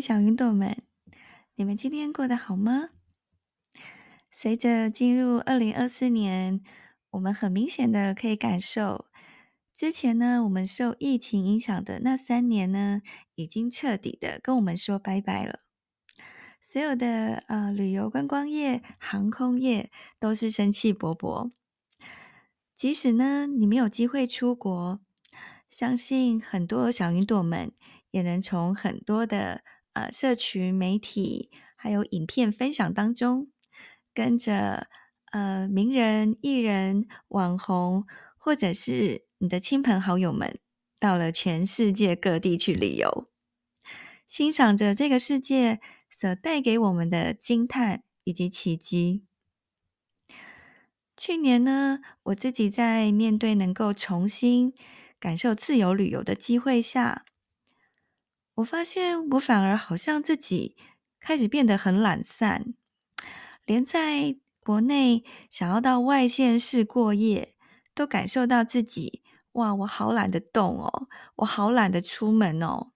小雲朵們，你們今天過得好嗎？隨着進入二零二四年，我們很明顯的可以感受，之前呢，我們受疫情影響的那三年呢，已經徹底的跟我們說拜拜了。所有的呃旅遊觀光業、航空業都是生氣勃勃。即使呢，你沒有機會出國，相信很多小雲朵們也能從很多的。呃、啊，社群媒體還有影片分享當中，跟着呃名人、藝人、網紅，或者是你的親朋好友們，到了全世界各地去旅遊，欣賞着這個世界所帶給我們的驚嘆以及奇蹟。去年呢，我自己在面對能夠重新感受自由旅遊的機會下。我發現我反而好像自己開始變得很懶散，連在國內想要到外縣市過夜，都感受到自己哇，我好懶得動哦，我好懶得出門哦。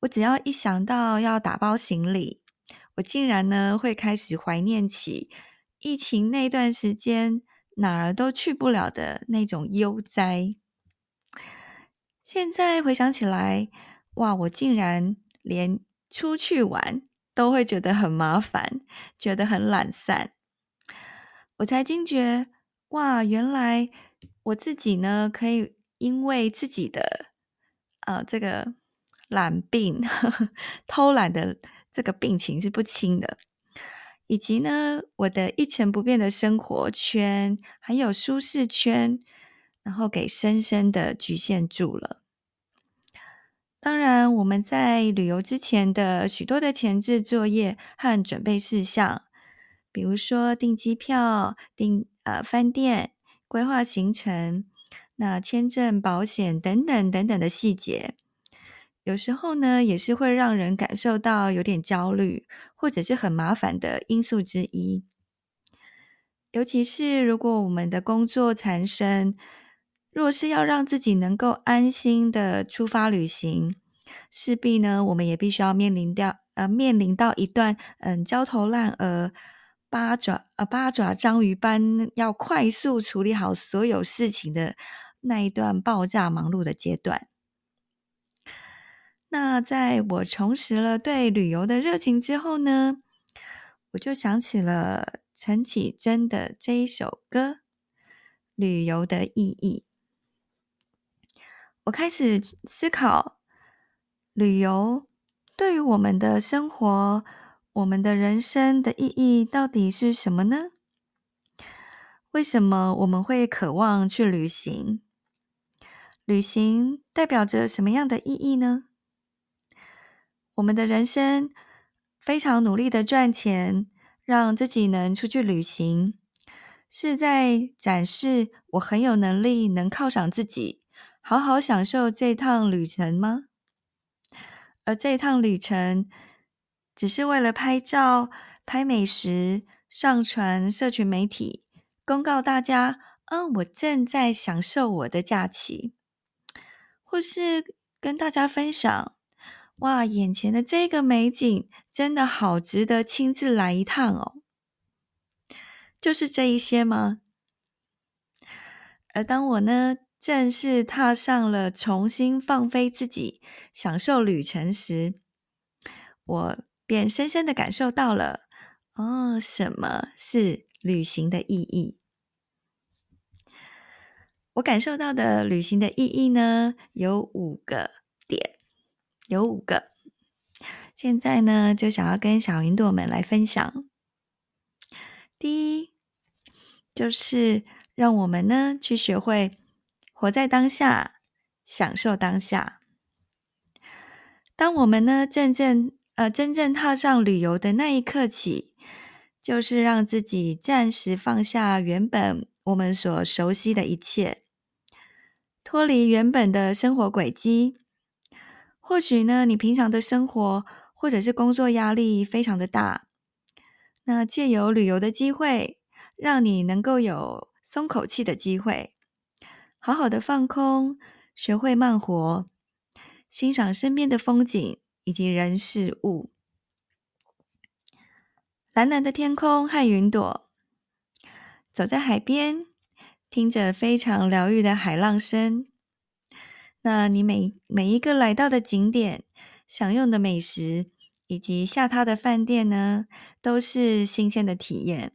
我只要一想到要打包行李，我竟然呢會開始懷念起疫情那段時間哪兒都去不了的那種悠哉。現在回想起來。哇！我竟然連出去玩都會覺得很麻煩，覺得很懶散。我才驚覺，哇！原來我自己呢，可以因為自己的啊、呃、這個懶病呵呵、偷懶的這個病情是不輕的，以及呢，我的一成不變的生活圈，還有舒適圈，然後給深深的局限住了。當然，我們在旅遊之前的許多的前置作業和準備事項，比如說訂機票、訂呃飯店、規劃行程、那簽證、保險等等等等的細節，有時候呢也是會讓人感受到有點焦慮或者是很麻煩的因素之一。尤其是如果我們的工作纏身。若是要讓自己能夠安心的出發旅行，勢必呢，我們也必須要面臨掉呃，面臨到一段嗯焦頭爛額、八爪呃八爪章魚般要快速處理好所有事情的那一段爆炸忙碌的階段。那在我重拾了對旅遊的熱情之後呢，我就想起了陳綺貞的這一首歌《旅遊的意義》。我開始思考，旅遊對於我們的生活、我們的人生的意義到底是什麼呢？為什麼我們會渴望去旅行？旅行代表着什麼樣的意義呢？我們的人生非常努力的賺錢，讓自己能出去旅行，是在展示我很有能力，能犒賞自己。好好享受這趟旅程嗎？而這趟旅程只是為了拍照、拍美食、上傳社群媒體，公告大家：，嗯，我正在享受我的假期，或是跟大家分享：，哇，眼前的這個美景真的好值得親自來一趟哦！就是這一些嗎？而當我呢，正式踏上了重新放飛自己、享受旅程時，我便深深的感受到了哦，什麼是旅行的意義？我感受到的旅行的意義呢，有五個點，有五個。現在呢，就想要跟小雲朵們來分享。第一，就是讓我們呢去學會。活在當下，享受當下。當我們呢，真正呃，真正踏上旅遊的那一刻起，就是讓自己暫時放下原本我們所熟悉的一切，脫離原本的生活軌跡。或許呢，你平常的生活或者是工作壓力非常的大，那借由旅遊的機會，讓你能夠有鬆口氣的機會。好好的放空，學會慢活，欣賞身邊的風景以及人事物。藍藍的天空和雲朵，走在海邊，聽着非常療癒的海浪聲。那你每每一個來到的景點、享用的美食以及下榻的飯店呢，都是新鮮的體驗。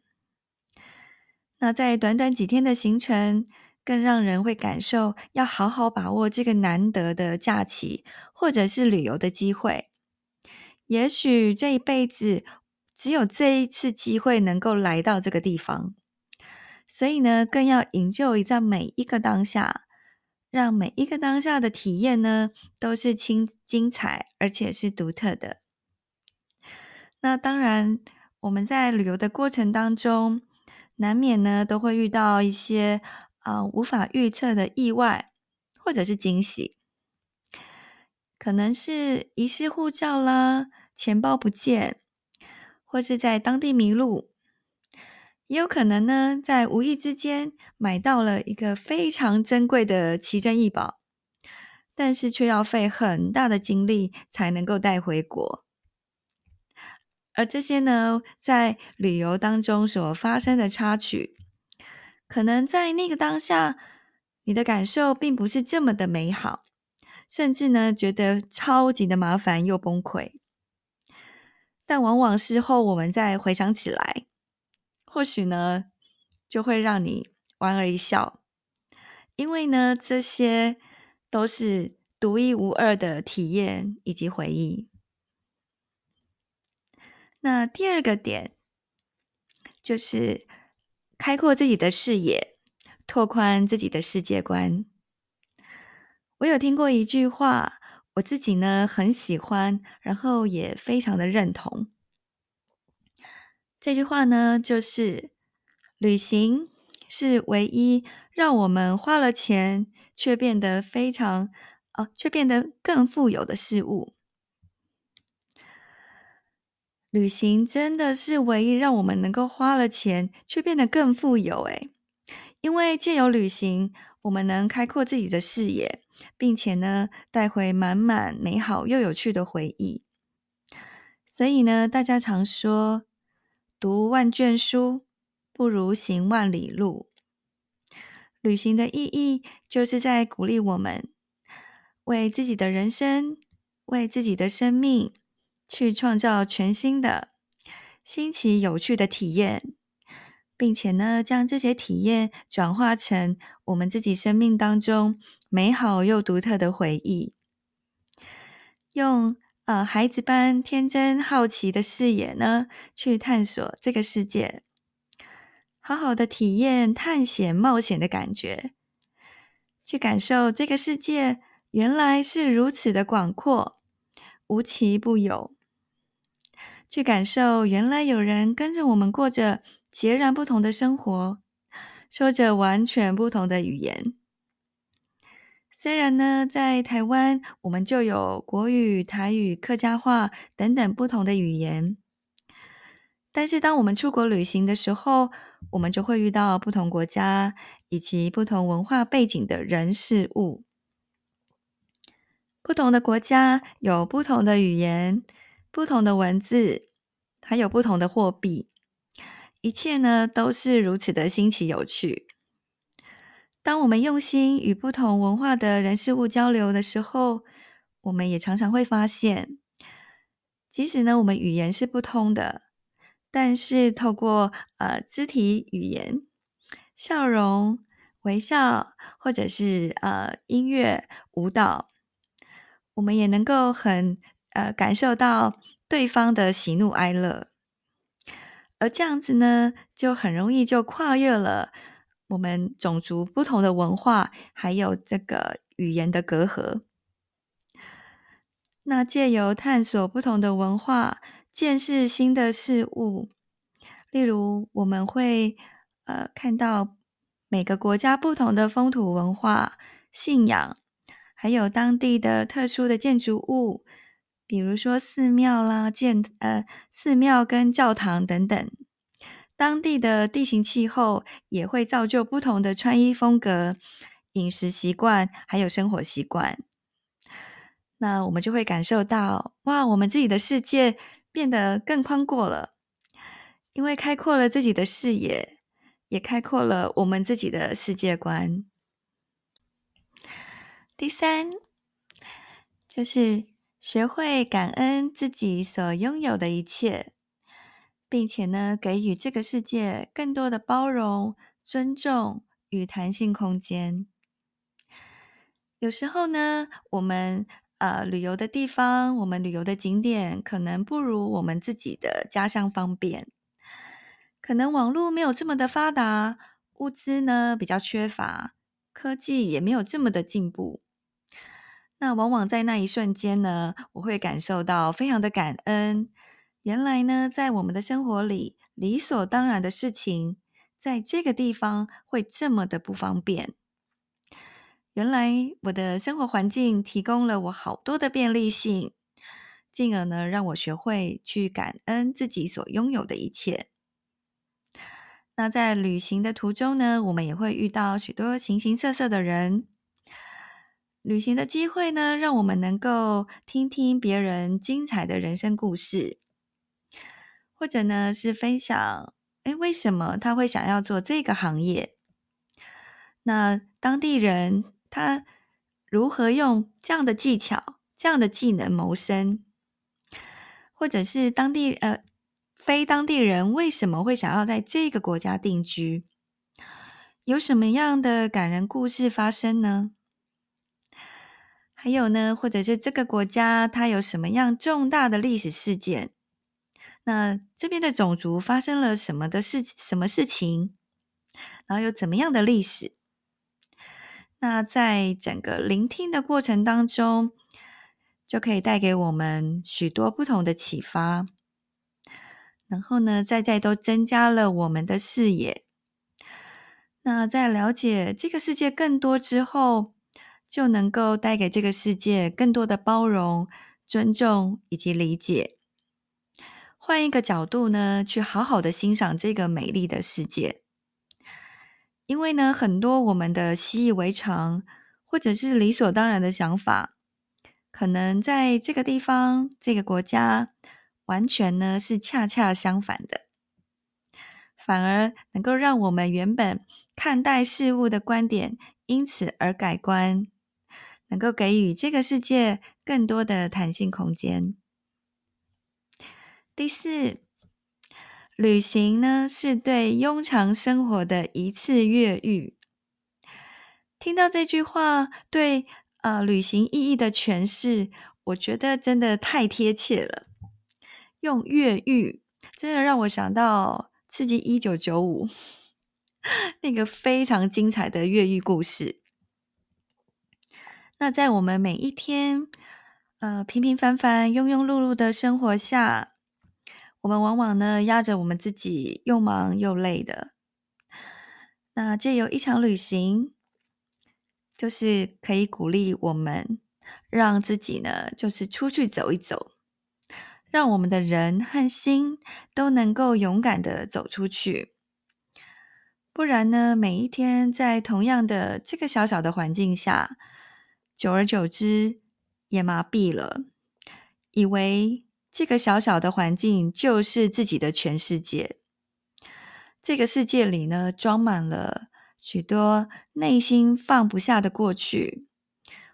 那在短短幾天的行程。更讓人會感受要好好把握這個難得的假期，或者是旅遊的機會。也許這一輩子只有這一次機會能夠來到這個地方，所以呢，更要享受在每一個當下，讓每一個當下的體驗呢都是精精彩而且是獨特的。那當然，我們在旅遊的過程當中，難免呢都會遇到一些。啊、呃，無法預測的意外或者是驚喜，可能是遺失護照啦，錢包不見，或是在當地迷路，也有可能呢，在無意之間買到了一個非常珍貴的奇珍異寶，但是卻要費很大的精力才能夠帶回國。而這些呢，在旅遊當中所發生的插曲。可能在那個當下，你的感受並不是這麼的美好，甚至呢覺得超級的麻煩又崩潰。但往往事後我們再回想起來，或許呢就會讓你莞爾一笑，因為呢這些都是獨一無二的體驗以及回憶。那第二個點就是。開闊自己的視野，拓寬自己的世界觀。我有聽過一句話，我自己呢很喜歡，然後也非常的認同。這句話呢，就是：旅行是唯一讓我們花了錢卻變得非常啊、呃，卻變得更富有的事物。旅行真的是唯一讓我們能夠花了錢卻變得更富有誒，因為借由旅行，我們能開闊自己的視野，並且呢帶回滿滿美好又有趣的回憶。所以呢，大家常說“讀萬卷書不如行萬里路”。旅行的意義就是在鼓勵我們為自己的人生、為自己的生命。去創造全新的、新奇有趣的體驗，並且呢，將這些體驗轉化成我們自己生命當中美好又獨特的回憶。用呃孩子般天真好奇的視野呢，去探索這個世界，好好的體驗探險冒險的感覺，去感受這個世界原來是如此的廣闊，無奇不有。去感受，原來有人跟着我們過着截然不同的生活，說着完全不同的語言。雖然呢，在台灣我們就有國語、台語、客家話等等不同的語言，但是當我們出國旅行的時候，我們就會遇到不同國家以及不同文化背景的人事物。不同的國家有不同的語言。不同的文字，還有不同的貨幣，一切呢都是如此的新奇有趣。當我們用心與不同文化的人事物交流的時候，我們也常常會發現，即使呢我們語言是不通的，但是透過呃肢體語言、笑容、微笑，或者是呃音樂、舞蹈，我們也能夠很。呃，感受到對方的喜怒哀樂，而這樣子呢，就很容易就跨越了我們種族不同的文化，還有這個語言的隔閡。那借由探索不同的文化，見識新的事物，例如我們會呃看到每個國家不同的風土文化、信仰，還有當地的特殊的建築物。比如說寺廟啦、建呃寺廟跟教堂等等，當地的地形氣候也會造就不同的穿衣風格、飲食習慣，還有生活習慣。那我們就會感受到，哇，我們自己的世界變得更寬闊了，因為開闊了自己的視野，也開闊了我們自己的世界觀。第三，就是。學會感恩自己所擁有的一切，並且呢，給予這個世界更多的包容、尊重與彈性空間。有時候呢，我們呃旅遊的地方，我們旅遊的景點，可能不如我們自己的家鄉方便，可能網絡沒有這麼的發達，物資呢比較缺乏，科技也沒有這麼的進步。那往往在那一瞬間呢，我會感受到非常的感恩。原來呢，在我們的生活裡，理所當然的事情，在這個地方會這麼的不方便。原來我的生活環境提供了我好多的便利性，進而呢，讓我學會去感恩自己所擁有的一切。那在旅行的途中呢，我們也會遇到許多形形色色的人。旅行的機會呢，讓我們能夠聽聽別人精彩的人生故事，或者呢是分享，誒，為什麼他會想要做這個行業？那當地人他如何用這樣的技巧、這樣的技能謀生？或者是當地，呃，非當地人為什麼會想要在這個國家定居？有什麼樣的感人故事發生呢？還有呢，或者是這個國家它有什麼樣重大的歷史事件？那這邊的種族發生了什麼的事，什麼事情？然後有怎麼樣的歷史？那在整個聆聽的過程當中，就可以帶給我們許多不同的啟發。然後呢，在在都增加了我們的視野。那在了解這個世界更多之後。就能夠帶給這個世界更多的包容、尊重以及理解。換一個角度呢，去好好的欣賞這個美麗的世界。因為呢，很多我們的習以為常或者是理所當然的想法，可能在這個地方、這個國家，完全呢是恰恰相反的，反而能夠讓我們原本看待事物的觀點因此而改觀。能夠給予這個世界更多的彈性空間。第四，旅行呢是對庸常生活的一次越獄。聽到這句話對呃旅行意義的詮釋，我覺得真的太貼切了。用越獄，真的讓我想到刺激一九九五，那個非常精彩的越獄故事。那在我們每一天，呃，平平凡凡、庸庸碌碌的生活下，我們往往呢壓着我們自己，又忙又累的。那借由一場旅行，就是可以鼓勵我們，讓自己呢就是出去走一走，讓我們的人和心都能夠勇敢的走出去。不然呢，每一天在同樣的這個小小的環境下。久而久之，也麻痹了，以為這個小小的環境就是自己的全世界。這個世界裡呢，裝滿了許多內心放不下的過去，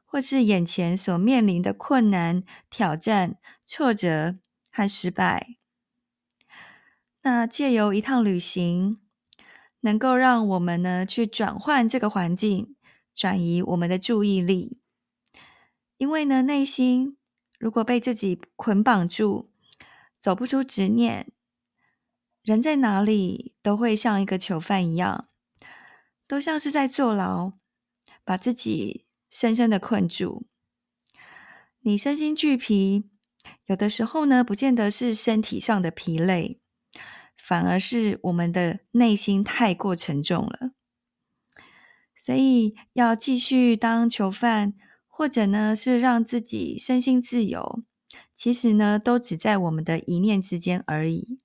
或是眼前所面臨的困難、挑戰、挫折和失敗。那借由一趟旅行，能夠讓我們呢去轉換這個環境，轉移我們的注意力。因為呢，內心如果被自己捆綁住，走不出執念，人在哪裡都會像一個囚犯一樣，都像是在坐牢，把自己深深的困住。你身心俱疲，有的時候呢，不見得是身體上的疲累，反而是我們的內心太過沉重了。所以要繼續當囚犯。或者呢，是讓自己身心自由，其實呢，都只在我們的一念之間而已。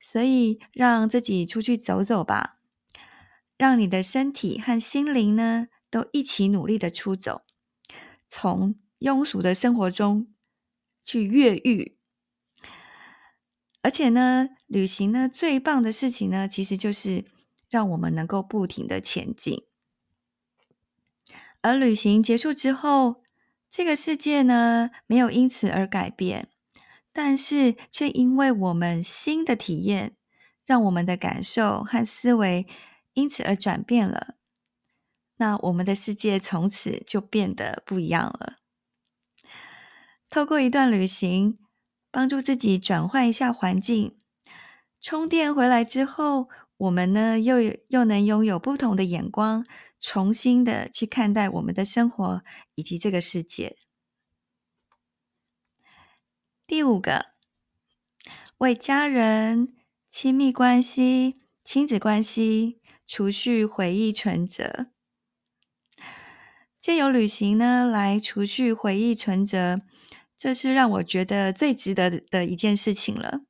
所以，讓自己出去走走吧，讓你的身體和心靈呢，都一起努力的出走，從庸俗的生活中去越獄。而且呢，旅行呢，最棒的事情呢，其實就是讓我們能夠不停的前進。而旅行結束之後，這個世界呢，沒有因此而改變，但是卻因為我們新的體驗，讓我們的感受和思維因此而轉變了。那我們的世界從此就變得不一樣了。透過一段旅行，幫助自己轉換一下環境，充電回來之後，我們呢又又能擁有不同的眼光。重新的去看待我們的生活以及這個世界。第五個，為家人、親密關係、親子關係，儲蓄回憶存摺，借由旅行呢，來儲蓄回憶存摺，這是讓我覺得最值得的一件事情了。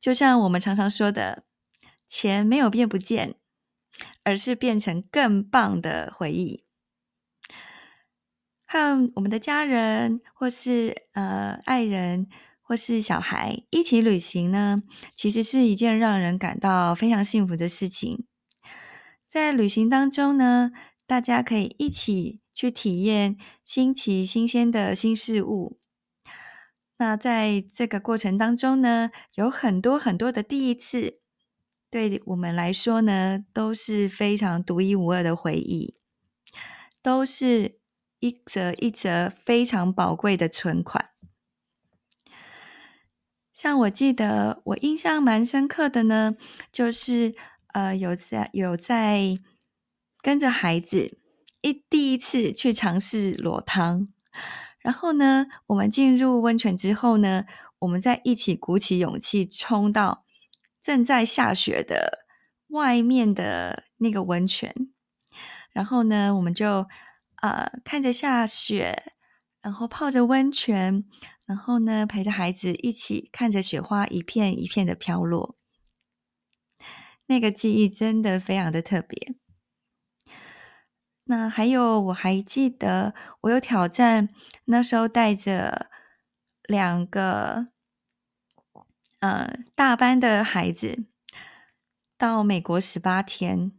就像我們常常說的，錢沒有變不見。而是變成更棒的回憶，和我們的家人，或是呃愛人，或是小孩一起旅行呢，其實是一件讓人感到非常幸福的事情。在旅行當中呢，大家可以一起去體驗新奇新鮮的新事物。那在這個過程當中呢，有很多很多的第一次。對我們來說呢，都是非常獨一無二的回憶，都是一則一則非常寶貴的存款。像我記得，我印象蠻深刻的呢，就是呃，有在有在跟着孩子一第一次去嘗試裸湯，然後呢，我們進入溫泉之後呢，我們再一起鼓起勇氣衝到。正在下雪的外面的那個溫泉，然後呢，我們就啊、呃、看着下雪，然後泡着溫泉，然後呢陪着孩子一起看着雪花一片一片的飄落，那個記憶真的非常的特別。那還有我還記得，我有挑戰那時候帶着兩個。呃，大班的孩子到美國十八天，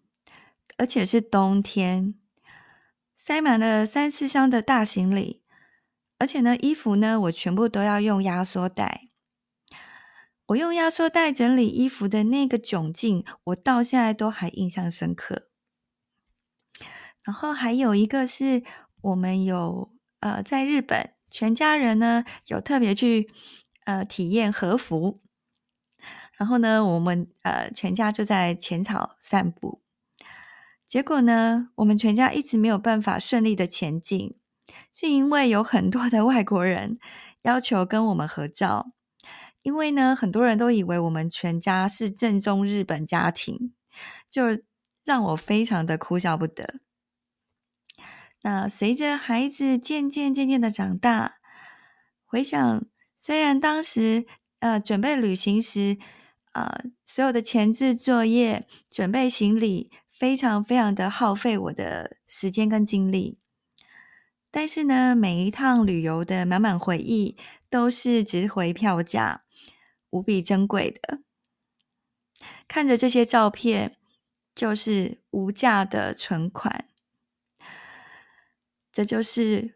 而且是冬天，塞滿了三四箱的大行李，而且呢，衣服呢，我全部都要用壓縮袋。我用壓縮袋整理衣服的那個窘境，我到現在都還印象深刻。然後還有一個是我們有呃，在日本，全家人呢有特別去呃體驗和服。然後呢，我們呃全家就在淺草散步，結果呢，我們全家一直沒有辦法順利的前進，是因為有很多的外國人要求跟我們合照。因為呢，很多人都以為我們全家是正宗日本家庭，就讓我非常的哭笑不得。那隨着孩子漸漸漸漸的長大，回想雖然當時呃準備旅行時，啊、呃，所有的前置作業、準備行李，非常非常的耗費我的時間跟精力。但是呢，每一趟旅遊的滿滿回憶都是值回票價，無比珍貴的。看着這些照片，就是無價的存款。這就是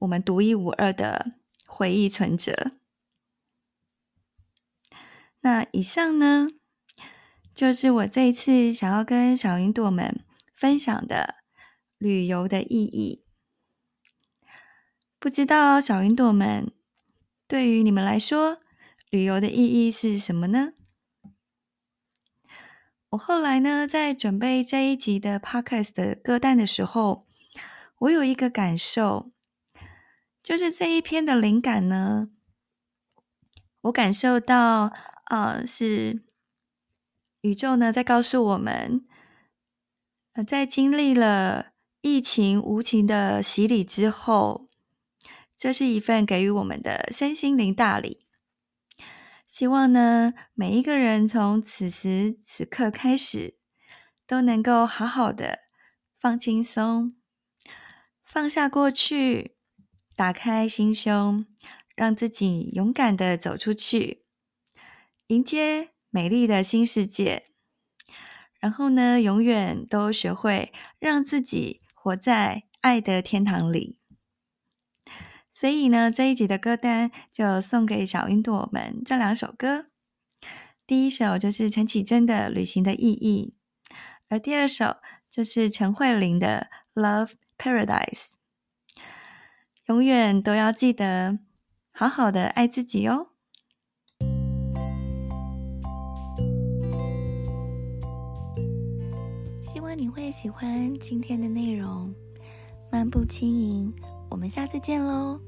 我們獨一無二的回憶存折。那以上呢，就是我這一次想要跟小雲朵們分享的旅遊的意義。不知道小雲朵們對於你們來說，旅遊的意義是什麼呢？我後來呢，在準備這一集的 Podcast 的歌單的時候，我有一個感受，就是這一篇的靈感呢，我感受到。啊，uh, 是宇宙呢，在告訴我們，在經歷了疫情無情的洗禮之後，這是一份給予我們的身心靈大禮。希望呢，每一個人從此時此刻開始，都能夠好好的放輕鬆，放下過去，打開心胸，讓自己勇敢的走出去。迎接美麗的新世界，然後呢，永遠都學會讓自己活在愛的天堂裡。所以呢，這一集的歌單就送給小雲朵們這兩首歌。第一首就是陳綺貞的《旅行的意義》，而第二首就是陳慧琳的《Love Paradise》。永遠都要記得好好的愛自己哦。你會喜歡今天的內容，漫步輕盈。我們下次見嘍。